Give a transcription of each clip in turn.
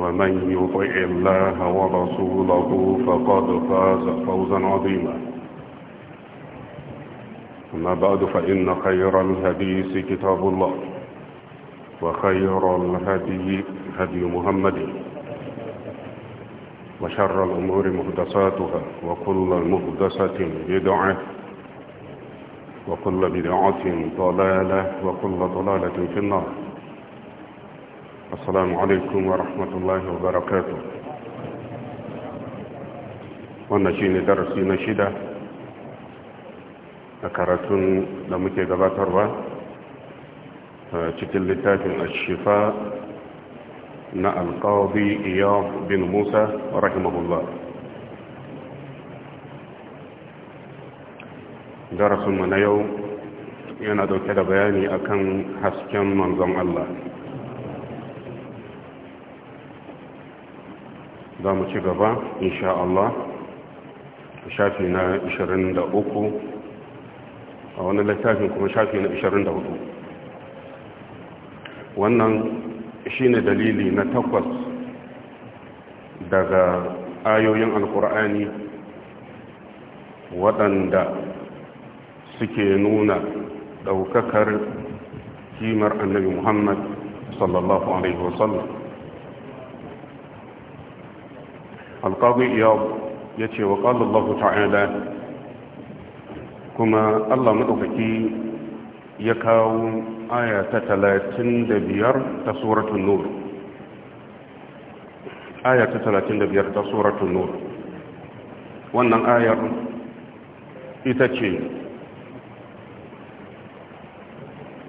ومن يطع الله ورسوله فقد فاز فوزا عظيما أما بعد فإن خير الهديث كتاب الله وخير الهدي هدي محمد وشر الأمور مهدساتها وكل مهدسة بدعة وكل بدعة ضلالة وكل ضلالة في النار السلام عليكم ورحمة الله وبركاته ونشين درسي نشدة ذكرت لمكي قباتروا تكل لتاكن الشفاء نا القاضي إياه بن موسى رحمه الله درس من يوم yana dauke da bayani akan hasken manzon Allah za mu ci gaba insha Allah shafi na 23 a wani littafin kuma shafi na 24 wannan shi ne dalili na takwas daga ayoyin alkur'ani waɗanda suke nuna ɗaukakar kimar annabi muhammad sallallahu alaihi wasallam alƙagun iyab ya ce wa ƙallallahu ta'ala kuma allah maɗaukaki ya kawo aya ta talatin da biyar ta suratun nur aya ta talatin da biyar ta suratun nur wannan ayar ita ce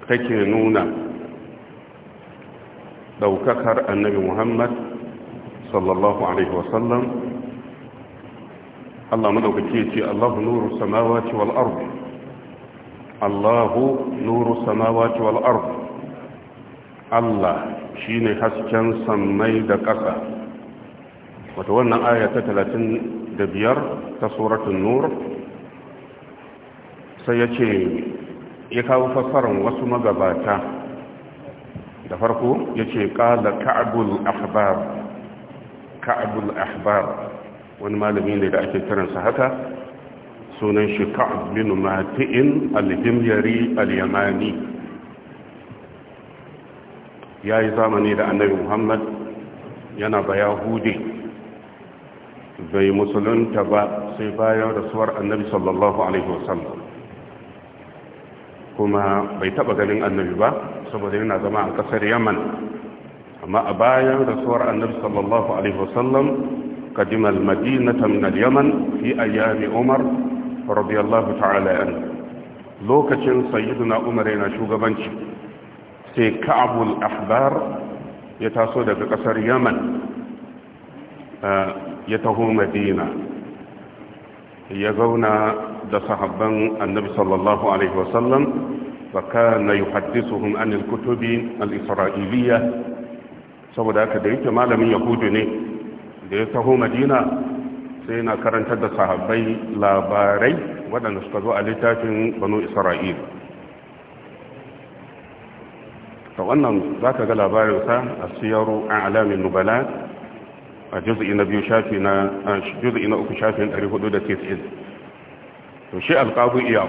take nuna ɗaukakar annabi muhammad sallallahu alaihi wasallam Allah madaukaki ya ce Allahu nuru samawati wal ard Allahu nuru samawati wal ard Allah shine hasken sammai da ƙasa wato wannan aya ta 35 ta suratul nur sai ya ce ya kawo fassarar wasu magabata da farko ya ce ƙala ka'abul ahbar ka'abul ahbar wani malami ne da ake kiransa haka sunan shi ka'ab bin mati'in al-himyari yamani ya yi zamani da annabi muhammad yana ba yahudi bai musulunta ba sai bayan rasuwar annabi sallallahu alaihi wasallam kuma bai taba ganin annabi ba saboda yana zama a kasar yaman amma a bayan rasuwar annabi sallallahu alaihi wasallam kadima al-madina ta min al-yaman fi ayyami umar radiyallahu ta'ala an lokacin sayyiduna umar yana shugabanci sai ka'abul ahbar ya taso daga kasar yaman ya taho madina ya zauna da sahabban annabi sallallahu alaihi wasallam wa kana yuhaddithuhum an al-kutubi al-isra'iliyah saboda haka da yake malamin yahudu ne da ya taho madina sai na karantar da sahabbai labarai waɗanda suka zo a littafin banu isra'il ta wannan za ka ga labarinsa a siyaru an alamin nubala a juzi na biyu shafi na juzi na uku shafin 490 to shi alƙabu iya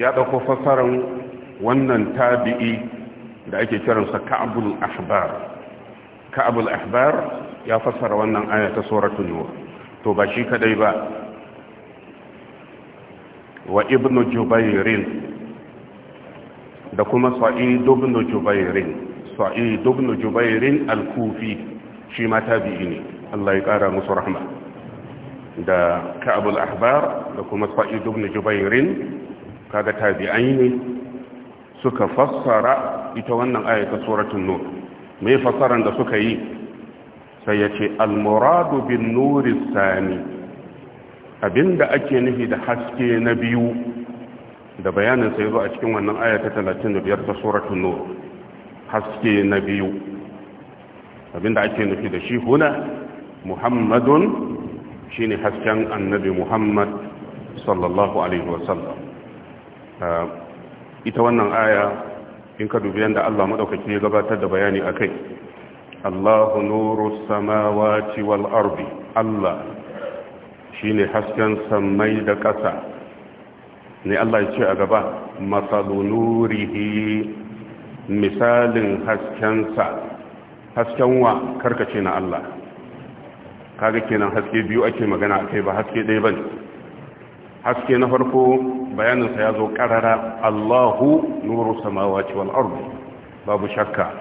ya ɗauko fassarar wannan tabi'i da ake kiransa ka'abul ahbar ka'abul ahbar ya fassara wannan aya ta suratul nur to ba shi kadai ba wa ibnu jubairin da kuma sa'id ibn jubairin sa'id ibn jubairin al-kufi shi ma tabi'i ne Allah ya kara musu rahma da ka'ab al-ahbar da kuma sa'id ibn jubairin kaga tabi'ai ne suka fassara ita wannan aya ta suratul nur mai fasaran da suka yi sai ya ce almuradu bin nuri sani abinda ake nufi da haske na biyu da bayanin sai zo a cikin wannan aya ta 35 ta suratul nur haske na biyu abinda ake nufi da shi huna muhammadun shine hasken annabi muhammad sallallahu alaihi wasallam ah, ita wannan aya in ka dubi yadda Allah maɗaukaki ya gabatar da bayani a kai. Allahu nuru samawati wal arbi. Allah shi ne hasken samai da ƙasa ne Allah ya ce a gaba masalu nurihi misalin haskensa hasken wa karkace na Allah kaga kenan haske biyu ake magana a kai, ba haske ɗaya ne. haske na farko bayaninsa ya zo karara Allahu nuru samawati wal ardi babu shakka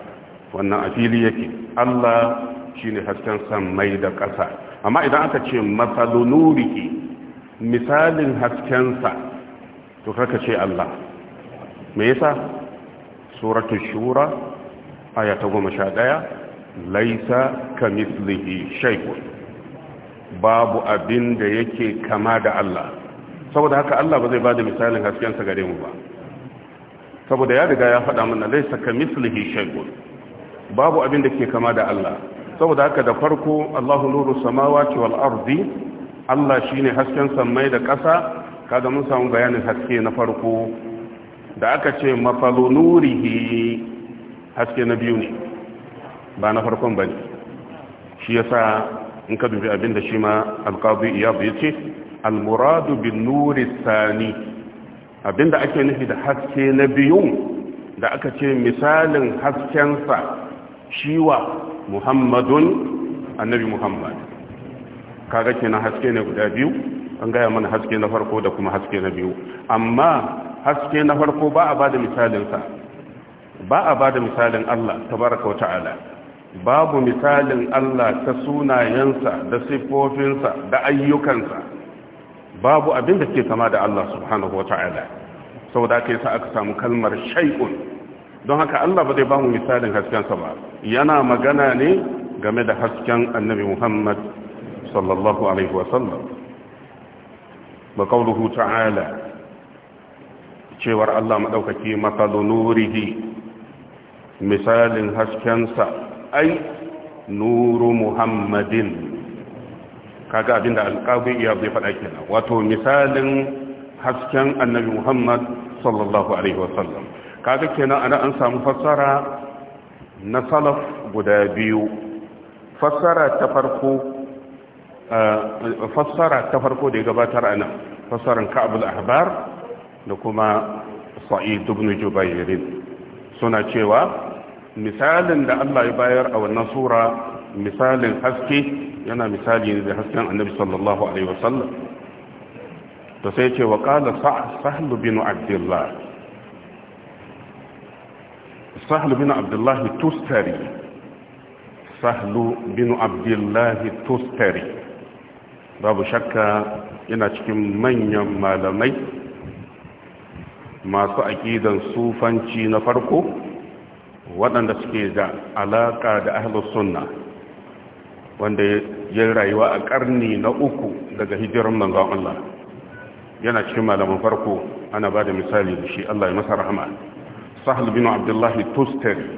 wannan a fili yake Allah shine hasken samai da ƙasa amma idan aka ce matsalu nuriki misalin haskensa to kaka ce Allah me yasa suratu shura aya ta 11 laisa kamithlihi shay'un babu abin da yake kama da Allah saboda haka Allah ba zai bada misalin hasken sa gare mu ba saboda ya riga ya faɗa mana laysa mislihi shay'un babu abin da ke kama da Allah saboda haka da farko Allahu nuru samawati wal ardi Allah shine hasken samai da ƙasa kaga mun samu bayanin haske na farko da aka ce mafalu nurihi haske na biyu ne ba na farkon bane shi yasa in ka dubi abin da shi ma alqadi iyad ce. almuradu bin nuri sani abinda ake nufi da haske na biyu da aka ce misalin haskensa shiwa muhammadun annabi muhammad kaga na haske ne guda biyu an gaya mana haske na farko da kuma haske na biyu amma haske na farko ba a ba da misalinsa ba a ba da misalin allah tabaraka wa ta'ala babu misalin Allah ta sunayensa da siffofinsa da ayyukansa babu abin da ke sama da Allah subhanahu wa ta'ala saboda ke sa aka samu kalmar shay'un don haka Allah ba zai ba mu misalin haskensa ba yana magana ne game da hasken annabi Muhammad sallallahu alaihi wa sallam ba kauluhu ta'ala cewar Allah maɗaukaki masalu nurihi misalin haskensa ai nuru Muhammadin kaga abin da alƙawai iya zai faɗa kenan wato misalin hasken annabi muhammad sallallahu alaihi wasallam kaga kenan ana an samu fassara na salaf guda biyu fassara ta farko eh, fassara ta farko da ya gabatar a nan fassaran ka'abul ahbar da kuma sa'id ibn jubairin suna cewa misalin da Allah ya bayar a wannan sura misalin haske yana misali ne da hasken annabi sallallahu alaihi wasallam to sai ce wa qala sahlu bin abdullah sahlu bin abdullah tustari bin abdullah tustari babu shakka yana cikin manyan malamai masu aƙidan sufanci na farko waɗanda suke da alaƙa da ahlus sunna wanda ya rayuwa a ƙarni na uku daga hijiran manzon Allah yana cikin malaman farko ana ba da misali da shi Allah ya masa rahama sahal bin abdullahi tustari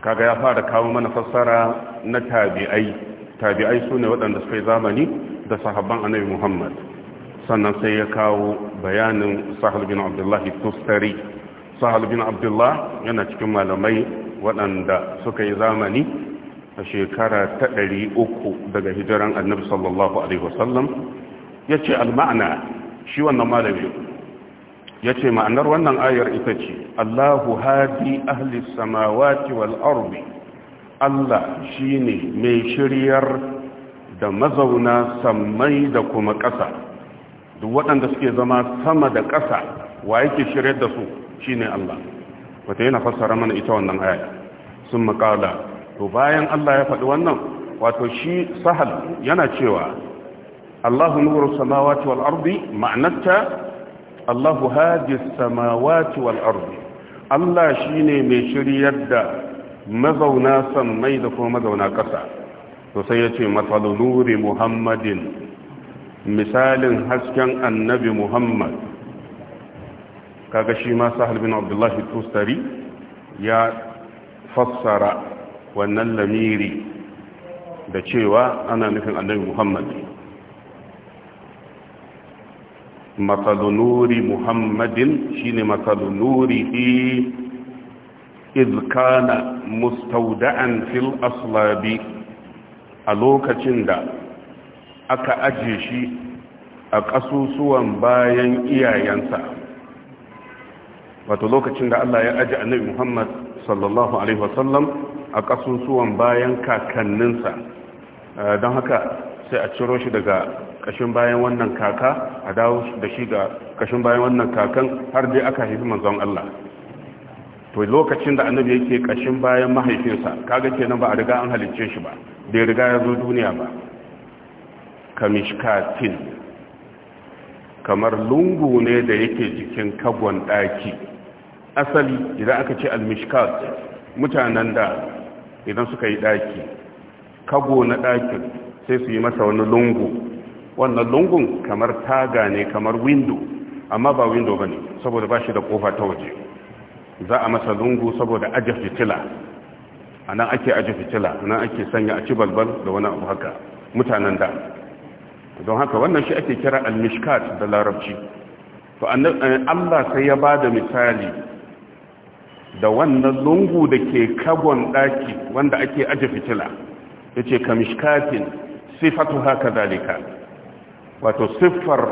kaga ya fara kawo mana fassara na tabi'ai tabi'ai su ne waɗanda suka yi zamani da sahabban annabi muhammad sannan sai ya kawo bayanin sahal bin abdullahi tustari sahal bin abdullah yana cikin malamai waɗanda suka yi zamani a shekara ta ɗari uku daga hijiran annabi sallallahu alaihi wasallam ya ce alma'ana shi wannan malami ya ce ma'anar wannan ayar ita ce allahu hadi ahli samawati wal arbi allah shi ne mai shiryar da mazauna sammai da kuma ƙasa duk waɗanda suke zama sama da ƙasa wa yake shiryar da su shi ne allah wata yana fassara mana ita wannan aya sun maƙala to bayan Allah ya faɗi wannan wato shi sahal yana cewa Allahu nuru samawati wal ardi ma'anarta Allahu haji samawati wal ardi Allah shine mai shiryar da mazauna sammai da kuma mazauna ƙasa to sai yace mathalu nuri muhammadin misalin hasken annabi muhammad kaga shi ma sahal bin abdullahi tustari ya fassara wannan lamiri da cewa ana nufin annabi muhammad matsalu muhammadin shine ne nuri fi izkana mustauda'an fil aslabi a lokacin da aka ajiye shi a ƙasusuwan bayan iyayensa wato lokacin da Allah ya aji annabi Muhammad sallallahu alaihi wasallam a ƙasusuwan bayan kakanninsa don haka sai a ciro shi daga ƙashin bayan wannan kaka a dawo da shi ga ƙashin bayan wannan kakan har dai aka haifi manzon Allah to lokacin da annabi yake ƙashin bayan mahaifinsa kaga kenan ba a riga an halicce shi ba bai riga ya zo duniya ba kamishkatin kamar lungu ne da yake jikin kagon ɗaki asali idan aka ce almishkat mutanen da idan suka yi ɗaki kago na ɗakin sai su yi masa wani lungu wannan lungun kamar taga ne kamar windo amma ba windo ba ne saboda ba shi da ƙofa ta waje za a masa lungu saboda aje fitila a nan ake aje fitila a nan ake sanya a ci balbal da wani abu haka mutanen da don haka wannan shi ake kira almishkat da larabci to eh, Allah sai ya ba da misali da wannan lungu da ke kabon daki wanda ake aje fitila yace kamishkatin sifatu haka zalika wato siffar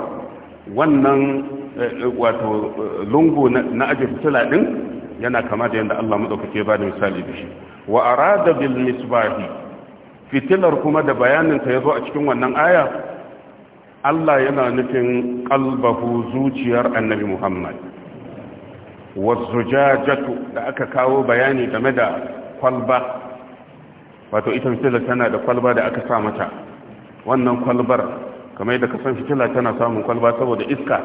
wannan eh, wato eh, lungu na aje fitila din yana kama da yadda Allah madaukake ba da misali da shi wa Rada bil misbahi fitilar kuma da bayanin ta yazo a cikin wannan aya Allah yana nufin qalbahu zuciyar annabi Muhammad wazujajatu da aka kawo bayani game da kwalba wato ita fitila tana da kwalba da aka sa mata wannan kwalbar kamar yadda ka san fitila tana samun kwalba saboda iska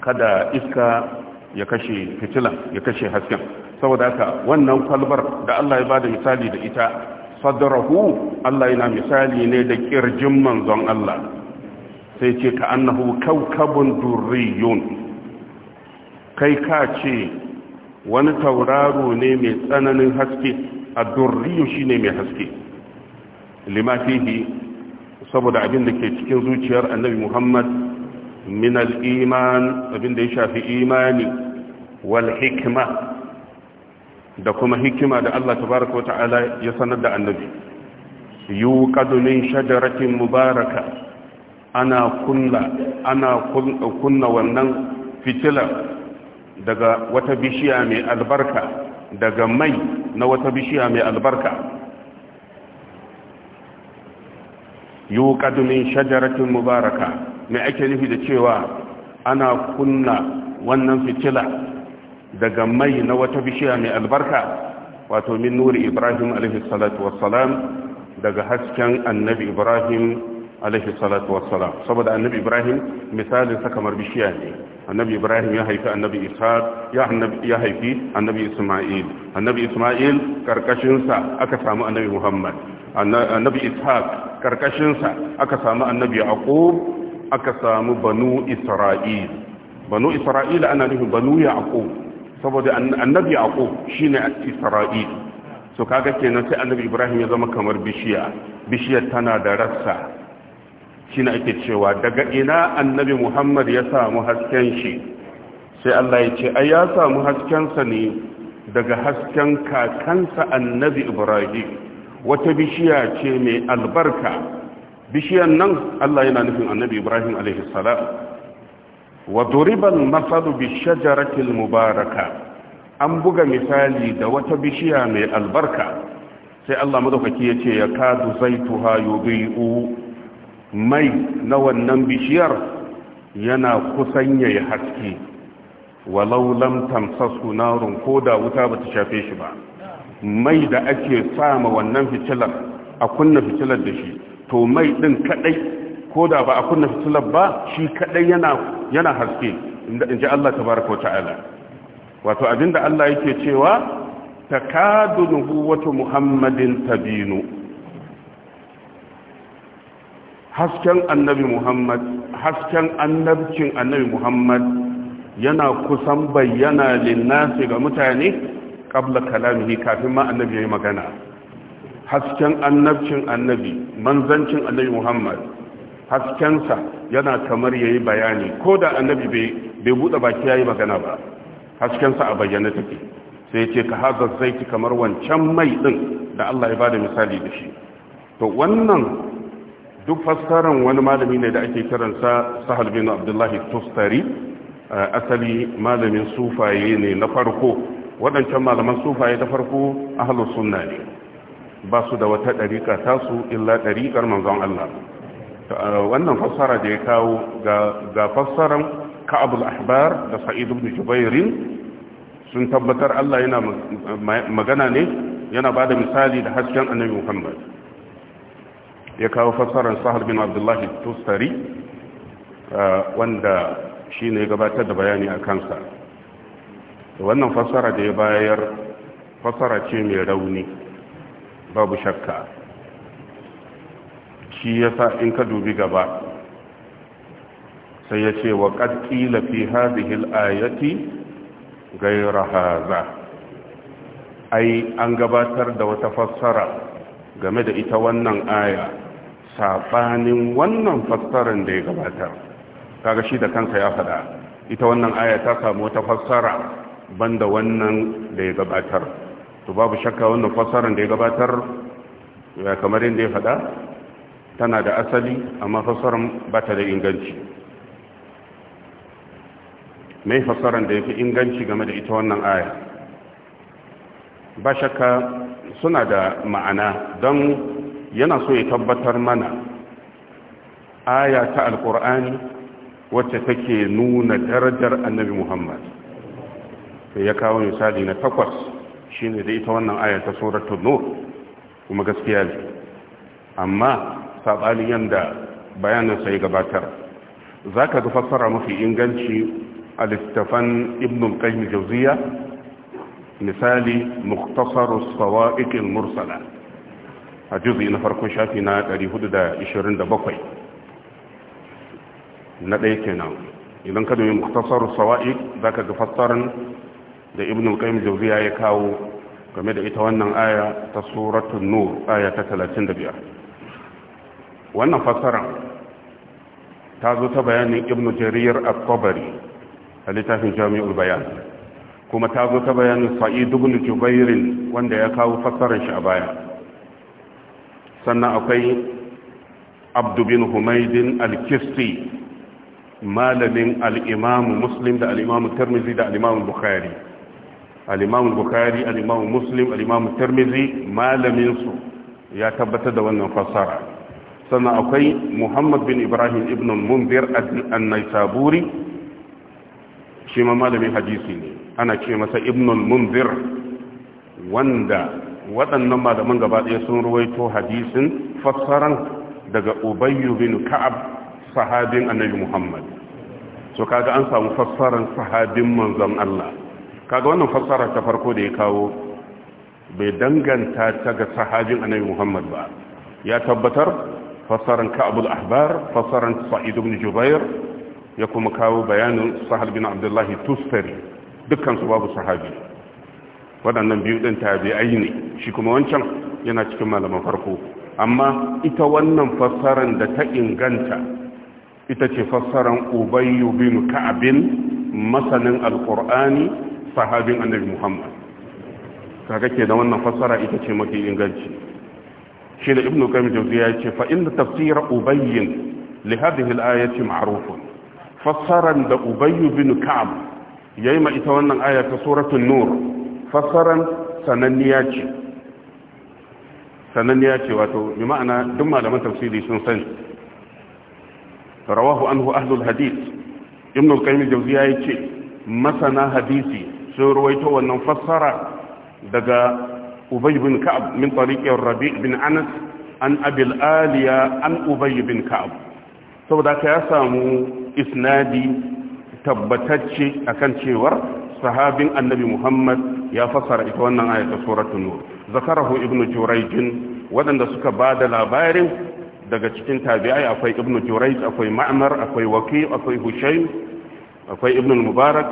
kada iska ya kashe fitilan ya kashe hasken saboda haka wannan kwalbar da Allah ya bada misali da ita sadrahu Allah yana misali ne da kirjin manzon Allah sai ce ka annahu kawkabun durriyun kai ka ce wani tauraro ne mai tsananin haske a durriyu shi ne mai haske limafihi saboda abin da ke cikin zuciyar annabi muhammad min al'iman abin da ya shafi imani wal hikima da kuma hikima da allah tabaraka wata'ala ya sanar da annabi yuqadu min shajaratin mubaraka ana kunna wannan fitilar. daga wata bishiya mai albarka daga mai na wata bishiya mai albarka yuqadu min shajaratin mubaraka mai ake nufi da cewa ana kunna wannan fitila daga mai na wata bishiya mai albarka wato min nuri ibrahim alaihi daga hasken annabi ibrahim alaihi salatu wassalam saboda annabi ibrahim misalin sa kamar bishiya ne annabi ibrahim ya haifi annabi ishaq ya haifi annabi isma'il annabi isma'il karkashin sa aka samu annabi muhammad annabi ishaq karkashin sa aka samu annabi yaqub aka samu banu isra'il banu isra'il ana nufin banu yaqub saboda annabi yaqub shine isra'il so kaga kenan sai annabi ibrahim ya zama kamar bishiya bishiyar tana da rassa shine ake cewa daga ina annabi muhammad ya samu hasken shi sai allah ya ce ai ya samu haskensa ne daga hasken kakansa annabi ibrahim wata bishiya ce mai albarka bishiyan nan allah yana nufin annabi ibrahim alaihissalam wa duriban masalu bi shajaratil mubaraka an buga misali da wata bishiya mai albarka sai allah madaukaki ya ce ya kadu zaituha yubi'u mai na wannan bishiyar yana kusan ya yi haske walau lam na narun ko da wuta ba ta shafe shi ba mai da ake sama wannan fitilar a kunna fitilar da shi to mai din kadai ko da ba a kunna fitilar ba shi kadai yana yana haske in ji Allah ta baraka wa ta'ala wato abinda Allah yake cewa takadu nubuwatu muhammadin tabinu hasken annabi muhammad hasken annabcin annabi muhammad yana kusan bayyana linnasi ga mutane kabla kalamihi kafin ma annabi ya yi magana hasken annabcin annabi manzancin annabi muhammad haskensa yana kamar ya yi bayani ko da annabi bai buɗe baki ya yi magana ba haskensa a bayyana take sai ce ka haza zaiti kamar wancan mai ɗin da allah ya bada misali da shi to wannan duk fassarar wani malami ne da ake kiransa sahal bin abdullahi tustari asali malamin sufaye ne na farko waɗancan malaman sufaye ta farko ahalus sunna ne ba su da wata ɗariƙa tasu illa ɗariƙar manzon Allah wannan fassara da ya kawo ga fassaran ka'abul ahbar da sa'id ibn jubairin sun tabbatar Allah yana magana ne yana ba da misali da hasken annabi Muhammad ya kawo fasarar sahar bin abdullahi tustari uh, wanda shi ne gabatar da bayani a kansa wannan fassara da ya bayar fassara ce mai rauni babu shakka shi yasa in ka dubi gaba sai ya ce wa qad qila fi hadhihi ayati ai an gabatar da wata fassara game da ita wannan aya sabanin wannan fassarar da ya gabata kaga shi da kanka ya faɗa ita wannan aya ta samu wata fassara banda wannan da ya gabatar to babu shakka wannan fassarar da ya gabatar ya kamar yadda ya faɗa tana da asali amma fassarar ba ta da inganci mai fassarar da ya fi inganci game da ita wannan aya ba shakka suna da ma'ana don yana so ya tabbatar mana aya ta alkur'ani wacce take nuna darajar annabi muhammad ya kawo misali na takwas shine da ita wannan aya ta suratul nur kuma gaskiya ne amma saɓanin yadda bayaninsa ya gabatar za ka ga fassara mafi inganci a littattafan ibn qayyim jauziya misali muktasarus sawa'iqil mursala a juzi na farkon shafi na 427 na ɗaya kenan idan ka domin muktasarun sawa'i za ka ga fassarar da ibn al qayyim jauziya ya kawo game da ita wannan aya ta suratun nur aya ta 35 wannan fassarar ta zo ta bayanin ibn jarir al-tabari a littafin jami'ul bayan kuma ta zo ta bayanin sa'id ibn jubairin wanda ya kawo fassarar shi a baya sannan akwai abdu bin humaydin malamin al'imamu imam muslim da al'imamu imam da al'imamu imam bukhari al-imam bukhari al-imam muslim al-imam tirmidhi ya tabbatar da wannan fassara sannan akwai muhammad bin ibrahim ibn munzir an-naisaburi shi ma malamin hadisi ne ana ce masa ibn munzir wanda waɗannan malaman gaba ɗaya sun ruwaito hadisin fassaran daga ubayyu bin ka'ab sahabin annabi muhammad so kaga an samu fassaran sahabin manzon Allah kaga wannan fassara ta farko da ya kawo bai danganta ta ga sahabin annabi muhammad ba ya tabbatar fassaran al ahbar fassaran sa'id ibn jubair ya kuma kawo bayanin sahal bin abdullahi tustari dukkan su babu sahabi waɗannan biyu ɗin tabi'ai ne shi kuma wancan yana cikin malaman farko amma ita wannan fassaran da ta inganta ita ce fassaran ubayyu bin ka'abin masanin alkur'ani sahabin annabi muhammad kaga ke da wannan fassara ita ce mafi inganci shi da ibnu qayyim jawziya ya ce fa inda tafsir ubayyin li hadhihi al-ayati ma'rufun fassaran da ubayyu bin ka'ab yayi ma ita wannan aya ta suratul nur Fassaran sananniya ce sananniya ce wato bi ma'ana duk malaman tafsiri sun sani rawahu anhu ahlul hadith ibn al-qayyim al-jawziya yace masana hadisi sun ruwaito wannan fassara daga ubay bin ka'ab min tariqi rabi bin anas an abil aliya an ubay bin ka'ab saboda ka ya samu isnadi tabbatacce akan cewar sahabin annabi muhammad ya fassara ita wannan aya ta suratul nur zakarahu ibnu jurayj wadanda suka bada labarin daga cikin tabi'ai akwai ibnu jurayj akwai ma'mar akwai waqi akwai hushaym akwai ibnu mubarak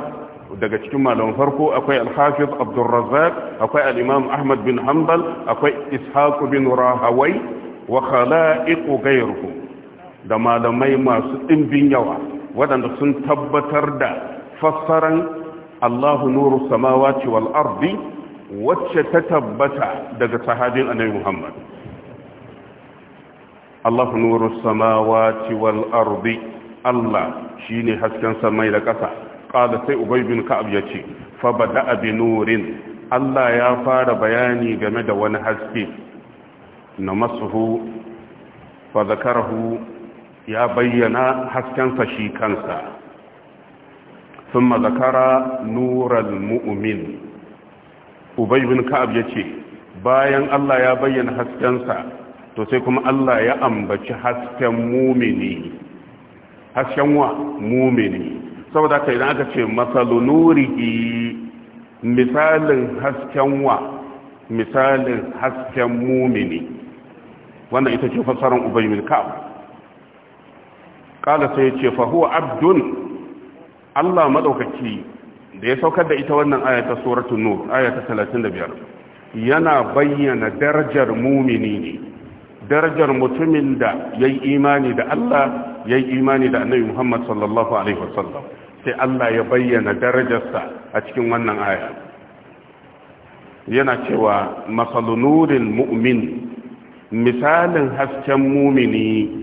daga cikin malaman farko akwai al-hafiz razzaq akwai al-imam ahmad bin hanbal akwai ishaq bin rahawai wa khala'iq ghayruhu da malamai masu dimbin yawa waɗanda sun tabbatar da fassaran Allahu nuru samawati wal ardi wacce ta tabbata daga sahabin annabi Muhammad Allahu nuru samawati wal ardi Allah shine hasken sa mai da ƙasa qala sai Ubay bin Ka'ab yace fa bada'a bi nurin Allah ya fara bayani game da wani haske namasuhu fa zakarahu ya bayyana haskensa shi kansa ثم ذكر nurar mu'umin, ubaibin ka'ab ya ce, bayan Allah ya bayyana haskensa to sai kuma Allah ya ambaci hasken mumini hasken wa mumini saboda haka idan aka ce masalu nurihi misalin hasken wa misalin hasken mumini wannan ita ce fasarar ubay ka'ab kala sai ce fa abdun Allah madaukaki da ya saukar da ita wannan ayata suratul nur ayata 35 yana bayyana darajar mumini ne darajar mutumin da yayi imani da Allah yayi imani da Annabi Muhammad sallallahu alaihi wasallam sai Allah ya bayyana darajarsa a cikin wannan aya yana cewa masalunurin mu'min misalin hasken mumini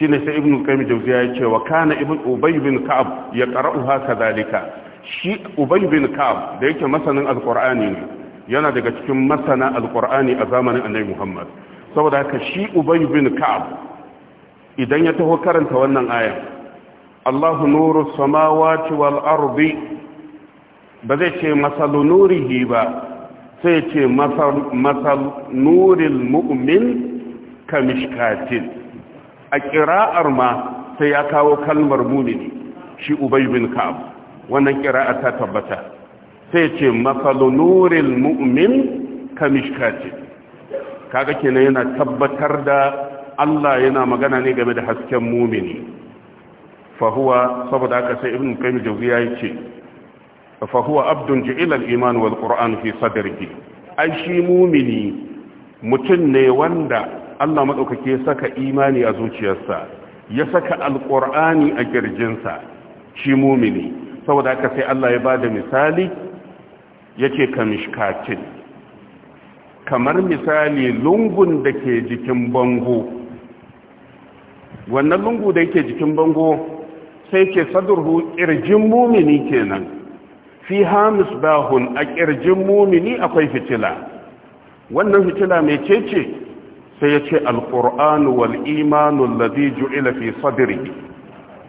shine sai ibnu qayyim jawziya ya ce wa kana ibn ubay bin ka'ab ya qara'uha kadhalika shi ubay bin ka'ab da yake masanin alqur'ani ne yana daga cikin masana alqur'ani a zamanin annabi muhammad saboda haka shi ubay bin ka'ab idan ya taho karanta wannan ayan Allahu nuru samawati wal ardi ba zai ce masalu nurihi ba sai ce masal nuril mu'min kamishkatin a ƙira'ar ma sai ya kawo kalmar mumini shi ubai bin ka'ab wannan kira'a ta tabbata sai ce masalu mu'min kamishkati kaga kenan yana tabbatar da Allah yana magana ne game da hasken mumini fahuwa saboda aka sai ibn qayyim jawziya ce. fahuwa abdun ja'ila iman wal qur'an fi sadrihi ai shi mumini mutum ne wanda Allah madaukake ya saka imani a zuciyarsa ya saka alqur'ani a kirjinsa shi mumini saboda haka sai Allah ya bada misali yace kamishkatin kamar misali lungun da ke jikin bango wannan lungu da yake jikin bango sai ke sadurhu ƙirjin mumini kenan fi hamis bahun a ƙirjin mumini akwai fitila wannan fitila mai cece sai ya ce alƙur'anu wal imanu alladhi ju'ila fi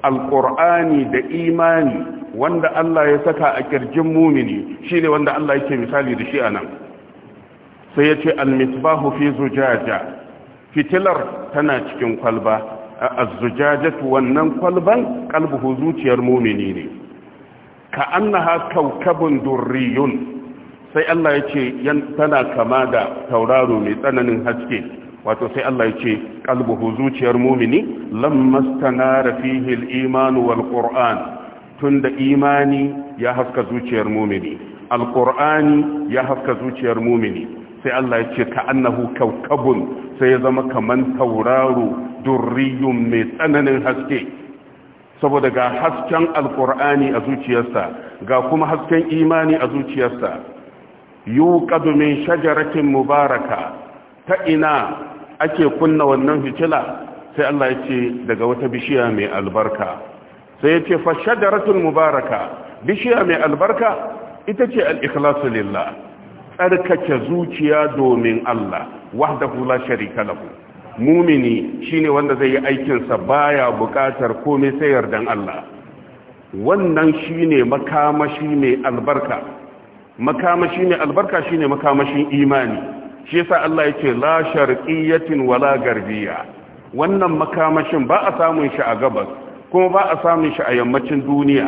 alƙur'ani da imani wanda Allah ya saka a kirjin mumini shine wanda Allah yake misali da shi anan sai ya ce almisbahu fi zujaja fitilar tana cikin kwalba az-zujajatu wannan kwalban qalbuhu zuciyar mumini ne ka annaha kaukabun durriyun sai Allah ya ce tana kama da tauraro mai tsananin haske wato sai Allah ya ce qalbuhu zuciyar mumini lamma stanara al-iman wal qur'an tunda imani ya haska zuciyar mumini al-qur'ani ya haska zuciyar mumini sai Allah ya ce ka'annahu kawkabun sai ya zama kaman tauraro durriyum mai tsananin haske saboda ga hasken alkur'ani a zuciyarsa ga kuma hasken imani a zuciyarsa yuqadu min shajaratin mubaraka ta ina ake kunna wannan fitila sai Allah ya ce daga wata bishiya mai albarka sai ya ce fashadaratul mubaraka bishiya mai albarka ita ce al-ikhlasu lillah tsarkake zuciya domin Allah wahdahu la sharika lahu mumini shine wanda zai yi aikin sa baya bukatar komai sai yardan Allah wannan shine makamashi mai albarka makamashi mai albarka shine makamashin imani shi yasa Allah yake la sharqiyyatin wala garbiya wannan makamashin ba a samun shi a gabas kuma ba a samun shi a yammacin duniya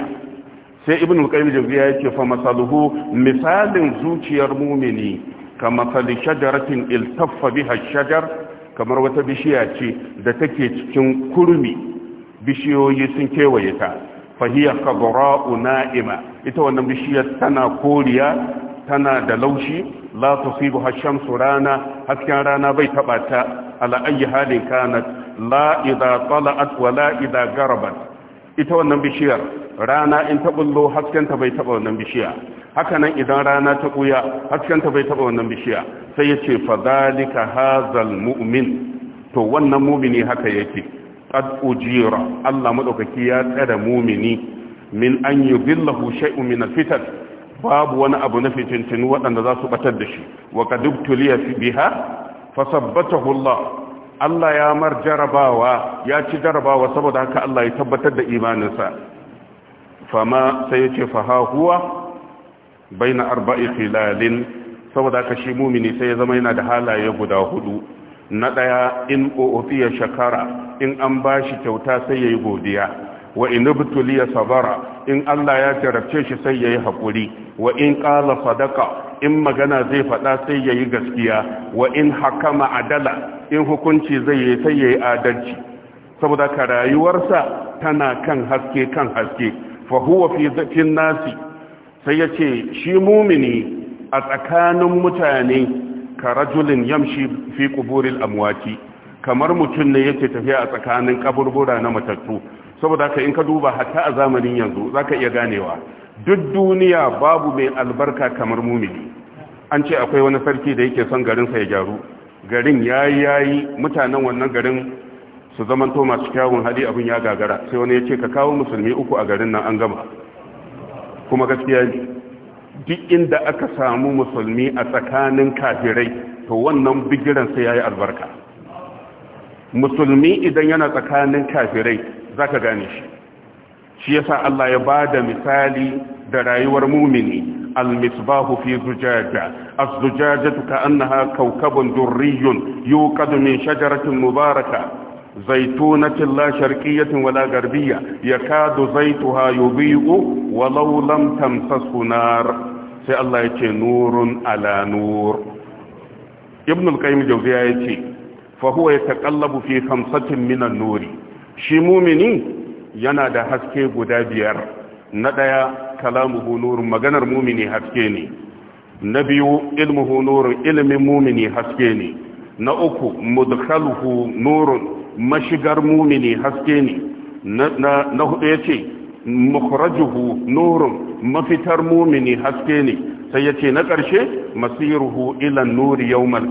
sai ibn al-qayyim jawziya yake fa masaluhu misalin zuciyar mumini kama fali shajaratin iltaffa biha shajar kamar wata bishiya ce da take cikin kurmi bishiyoyi sun kewaye ta fahiya kabra'u na'ima ita wannan bishiyar tana koriya tana da laushi la tusibu hashamsu rana hasken rana bai taba ta ala halin kanat la idza tala'at wa la garabat ita wannan bishiyar rana in ta bullo hasken bai taɓa wannan bishiya haka nan idan rana ta kuya haskenta bai taɓa wannan bishiya sai yace fa zalika hazal mu'min to wannan mumini haka yake qad ujira Allah madaukaki ya tsare mumini min an yubillahu shay'un min alfitan babu wani abu na fitintinu waɗanda za su batar da shi wa kadubtuliya biha fasabbatahu Allah Allah ya mar jarabawa ya ci jarabawa saboda haka Allah ya tabbatar da imaninsa fama sai ya ce faha huwa baina arba'i saboda haka shi mumini sai ya zama yana da halaye guda hudu na ɗaya in ya shakara in an bashi kyauta sai yayi godiya wa in ibtuliya sabara in Allah ya jarabce shi sai yayi hakuri wa in qala sadaqa in magana zai faɗa sai yayi gaskiya wa in hakama adala in hukunci zai yi sai yayi adalci saboda ka rayuwarsa tana kan haske kan haske fa huwa fi zatin nasi sai yace shi mumini a tsakanin mutane ka rajulin yamshi fi quburil amwati kamar mutum ne yake tafiya a tsakanin kaburbura na matattu saboda ka in ka duba hatta a zamanin yanzu za ka iya ganewa duk duniya babu mai albarka kamar mumini an ce akwai wani sarki da yake son garinsa ya gyaru garin ya yayi mutanen wannan garin su zaman to masu kyawun hali abin ya gagara sai wani ya ce ka kawo musulmi uku a garin nan an gama kuma gaskiya ne duk inda aka samu musulmi a tsakanin kafirai to wannan bigiran sai yayi albarka musulmi idan yana tsakanin kafirai za ka gane shi shi ya sa Allah ya ba da misali da rayuwar mumini almisbahu fi zujaja azujajatu ka annaha kawkabun durriyun yuqadu min shajaratin mubaraka zaitunatin la sharqiyatin wala garbiya yakadu zaituha yudhi'u walau lam tamtasu nar sai Allah ya ce nurun ala nur ibn al-qayyim jawziya yace fa huwa yataqallabu fi khamsatin min an-nuri shi mumini yana da haske guda biyar na ɗaya kalamuhu nurun maganar mumini haske ne na biyu ilmuhu nurun ilimin mumini haske ne na uku mudkhaluhu nurun mashigar mumini haske ne na hudu ya ce mukhrajuhu nurun mafitar mumini haske ne sai ya ce na ƙarshe masiruhu ilan nuri yawmal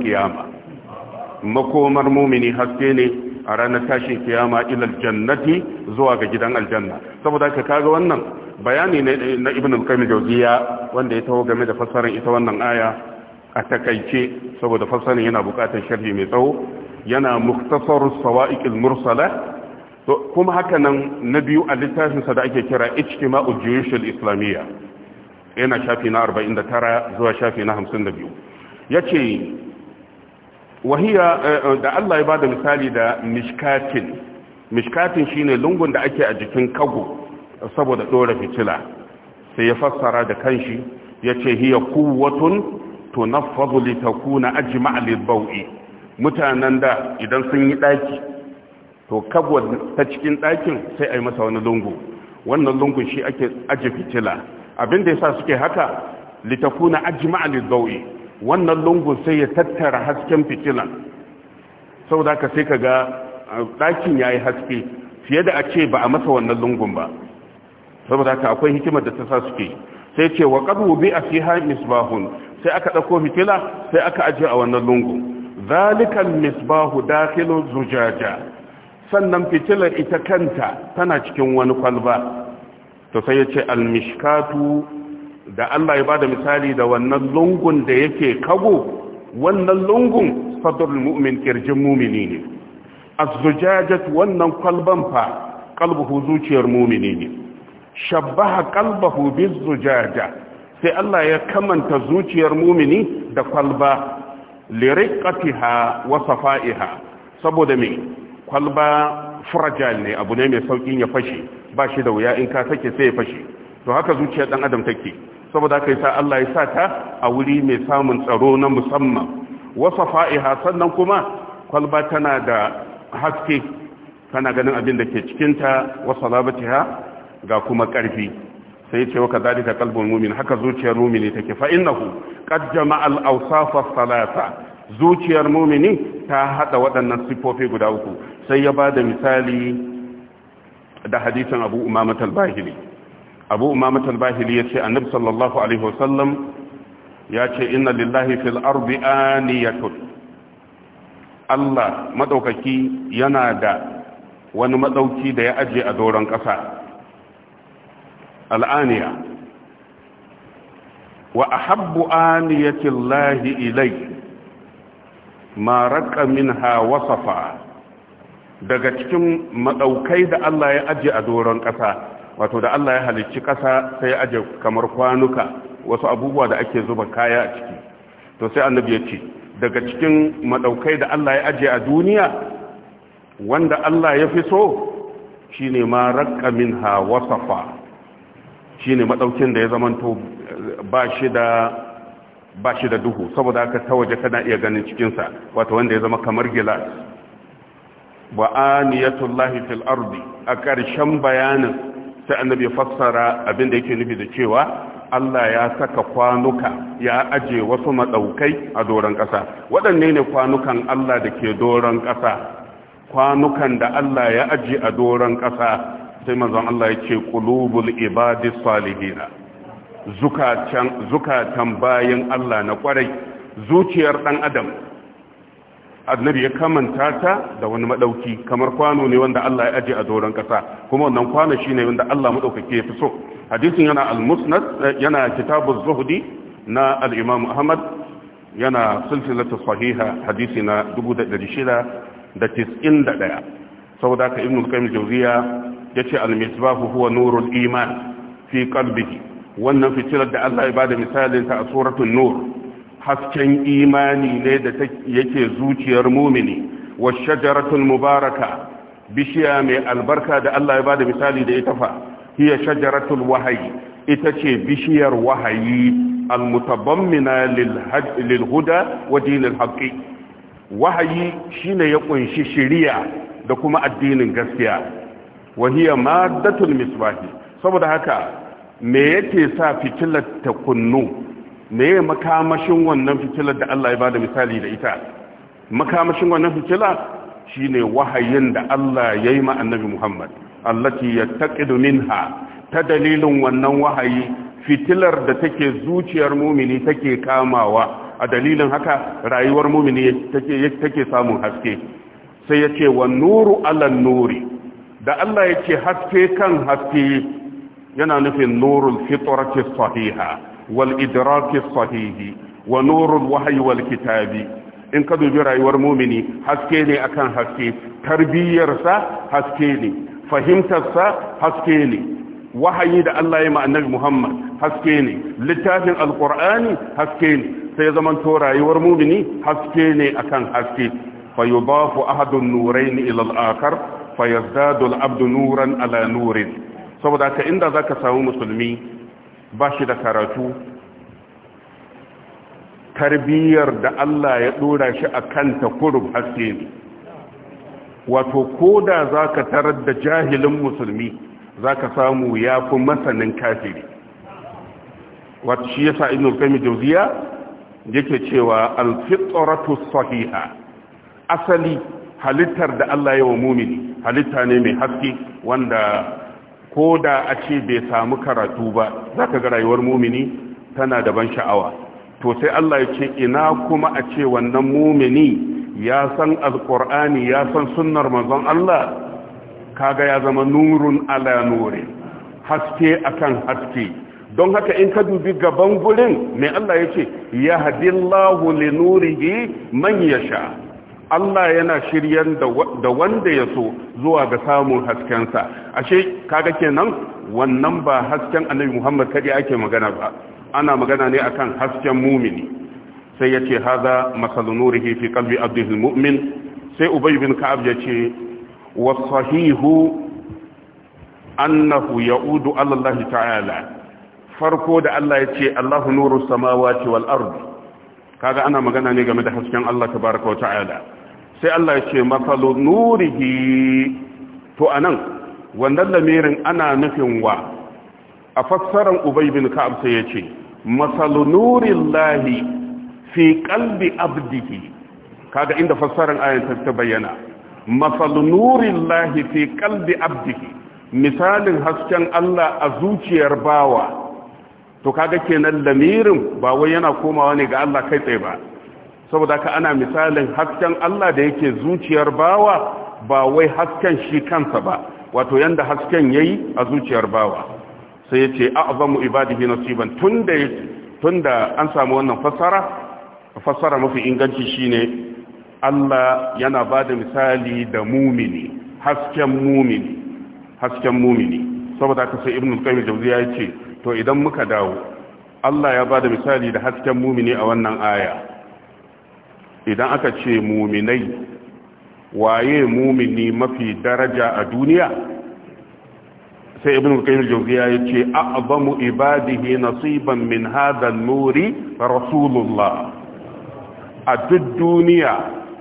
makomar mumini haske ne a ranar tashin kiyama ilal jannati zuwa ga gidan aljanna saboda ka kaga wannan bayani ne na ibn al-qayyim jawziya wanda ya taho game da fassarar ita wannan aya a takaice saboda fassarin yana bukatar sharhi mai tsawo yana mukhtasar sawa'iq mursala to kuma haka nan na biyu a littafin sa da ake kira ijtima'u juyush islamiyya yana shafi na 49 zuwa shafi na 52 yace wahiya eh, eh, da Allah ya bada misali da mishkatin mishkatin shine lungun da ake a jikin kago saboda dora fitila sai ya fassara da kanshi yace hiya quwwatun tunaffadhu litakuna ajma' lilbawi mutanen da idan sun yi daki to kago ta cikin dakin sai ai masa wani lungu wannan lungu shi ake aje fitila abinda yasa suke haka litakuna ajma' lilbawi wannan lungun sai ya tattara hasken fitilan sau da ka sai ka ga ɗakin ya yi haske fiye da a ce ba a masa wannan lungun ba saboda ka akwai hikimar da ta sa suke sai ce wa ƙarfi bi a fi misbahun sai aka ɗauko fitila sai aka ajiye a wannan lungun zalikan misbahu dakilin zujaja sannan fitilar ita kanta tana cikin wani kwalba to sai ya ce almishkatu da Allah ya bada misali da wannan lungun da yake kago wannan lungun sadrul mu'min kirjin mu'mini ne az-zujajat wannan kalban fa qalbuhu zuciyar mu'mini ne shabbaha kalbahu biz-zujaja sai Allah ya kamanta zuciyar mu'mini da kalba liriqatiha wa safaiha saboda me kalba fragile ne abu ne mai saukin ya fashe ba shi da wuya in ka sake sai ya fashe to haka zuciyar dan adam take saboda haka sa Allah ya sa ta a wuri mai samun tsaro na musamman wasa fa'iha sannan kuma kwalba tana da haske kana ganin abin da ke cikinta wasa labatiha ga kuma ƙarfi sai ce waka da kalbin mumin haka zuciyar mumini take fa innahu qad jama'a al salata zuciyar mumini ta haɗa waɗannan siffofi guda uku sai ya ba da misali da hadisin Abu umama al abu umamatul bahili ce annabi sallallahu alaihi wasallam yace inna lillahi fil ardi aniyatun Allah madaukaki yana da wani madauki da ya aje a doron kasa al'aniya wa ahabbu aniyati llahi ilai ma raqa minha wasafa daga cikin madaukai da Allah ya aje a doron kasa wato da Allah ya halicci ƙasa sai aje kamar kwanuka wasu abubuwa da ake zuba kaya a ciki to sai annabi ya ce daga cikin madaukai da Allah ya aje a duniya wanda Allah ya fi so shine ma raqqa minha wasafa shine madaukin da ya zamanto ba shi da ba shi da duhu saboda haka ta waje kana iya ganin cikin sa wato wanda ya zama kamar gilas wa aniyatullahi fil ardi a ƙarshen bayanin sai annabi fassara abin da yake nufi da cewa Allah ya saka kwanuka ya aje wasu madaukai a doron ƙasa waɗanne ne kwanukan Allah da ke doron ƙasa kwanukan da Allah ya aje a doron ƙasa sai manzon Allah ya ce qulubul ibadi salihin zukatan zukatan bayin Allah na kwarai zuciyar dan adam annabi ya kamanta ta da wani madauki kamar kwano ne wanda Allah ya aje a doron kasa kuma wannan kwano shine wanda Allah madaukake ya fi so hadisin yana al-musnad yana kitabuz zuhdi na al-imam Ahmad yana silsilatu sahiha hadisi na 1691 saboda ka ibnu qayyim jawziya yace al-misbahu huwa nurul iman fi qalbihi wannan fitilar da Allah ya bada misalin ta a suratul nur hasken imani ne da yake zuciyar mumini wa shajaratul mubaraka bishiya mai albarka da Allah ya bada misali da ita fa hiya shajaratul wahayi ita ce bishiyar wahayi almutabammina lil huda wa dinil haqqi wahayi shine ya kunshi shiriya da kuma addinin gaskiya wa hiya maddatul misbahi saboda haka me yake sa fitilar ta kunnu meye makamashin wannan fitilar da Allah ya bada misali da ita makamashin wannan fitila shine wahayin da Allah ya yi ma annabi Muhammad allati yattaqidu minha ta dalilin wannan wahayi fitilar da take zuciyar mumini take kamawa a dalilin haka rayuwar mumini take take samun haske sai yace wa nuru alan nuri da Allah yace haske kan haske yana nufin nurul fitrati sahiha wal idraki sahihi wa nurul wahyi kitabi in ka dubi rayuwar mumini haske ne akan haske tarbiyyarsa haske ne fahimtarsa haske ne wahayi da Allah ya ma annabi Muhammad haske ne littafin alqur'ani haske ne sai zaman rayuwar mumini haske ne akan haske fa yudafu ahadun nurayn ila al-akhar fa yazdadu al-abdu nuran ala saboda ka inda zaka samu musulmi ba shi da karatu tarbiyyar da Allah ya dora shi a kanta takurub haske ne wato ko da za ka tarar da jahilin musulmi za ka samu ya fi masanin kafiri wata shi yasa inu al jauziya yake cewa alfitsoratu sahiha asali halittar da Allah ya wa mumini halitta ne mai haske wanda ko da a ce bai samu karatu ba za ka ga rayuwar mumini tana da ban sha'awa to sai Allah ya ce ina kuma a ce wannan mumini ya san alkur'ani ya san sunnar manzon Allah kaga ya zama nurun ala nure haske akan haske don haka in ka dubi gaban gurin mai Allah ya ce ya linurihi man yasha Allah yana shiryan da wanda ya so zuwa ga samun haskensa ashe kaga kenan wannan ba hasken annabi Muhammad kadi ake magana ba ana magana ne akan hasken mumini sai yace haza masalun nurihi fi qalbi abdihi mu'min sai ubay bin ka'ab yace wa sahihu annahu ya'udu Allah ta'ala farko da Allah yace Allahu nuru samawati wal ardi kaga ana magana ne game da hasken Allah tabaraka wa ta'ala sai Allah ya ce masalu nurihi to anan wannan lamirin ana nufin wa a fassarar ubay bin ka'ab sai yace masalu nurillahi fi qalbi abdihi kaga inda fassarar ayan ta bayyana masalu nurillahi fi qalbi abdihi misalin hasken Allah a zuciyar bawa to kaga kenan lamirin ba wai yana komawa ne ga Allah kai tsaye ba saboda ka ana misalin hasken Allah da yake zuciyar bawa ba wai hasken shi kansa ba wato yanda hasken yayi a zuciyar bawa sai ya ce a'zamu ibadihi nasiban tunda tunda an samu wannan fassara fassara mafi inganci shine Allah yana bada misali da mumini hasken mumini hasken mumini saboda ka sai ibnu qayyim jawziya ya ce to idan muka dawo Allah ya bada misali da hasken mumini a wannan aya idan aka ce muminai waye mumini mafi daraja a duniya sai ibn qayyim jawziya yace a'zamu ibadihi nasiban min hadha an-nuri rasulullah a duk duniya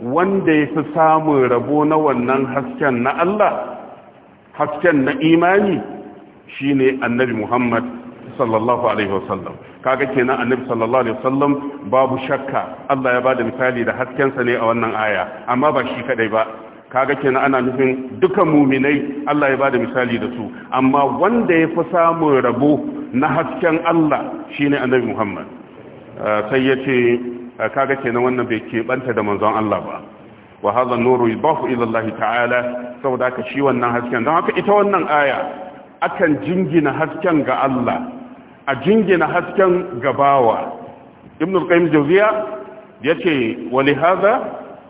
wanda yafi samun rabo na wannan hasken na Allah hasken na imani shine annabi Muhammad sallallahu alaihi wasallam kaga kenan annabi sallallahu alaihi wasallam babu shakka Allah ya bada misali da haskensa ne a wannan aya amma ba shi kadai ba kaga kenan ana nufin dukan muminai Allah ya bada misali da su amma wanda ya fi samun rabo na hasken Allah shine annabi Muhammad eh, sai yace eh, kaga kenan wannan bai banta da manzon Allah ba wa hadha an-nuru yubahu ila Allah ta'ala saboda ka shi wannan hasken don haka ita wannan aya akan jingina hasken ga Allah a jingina hasken gabawa ibn al-qayyim jawziya yace wa li hadha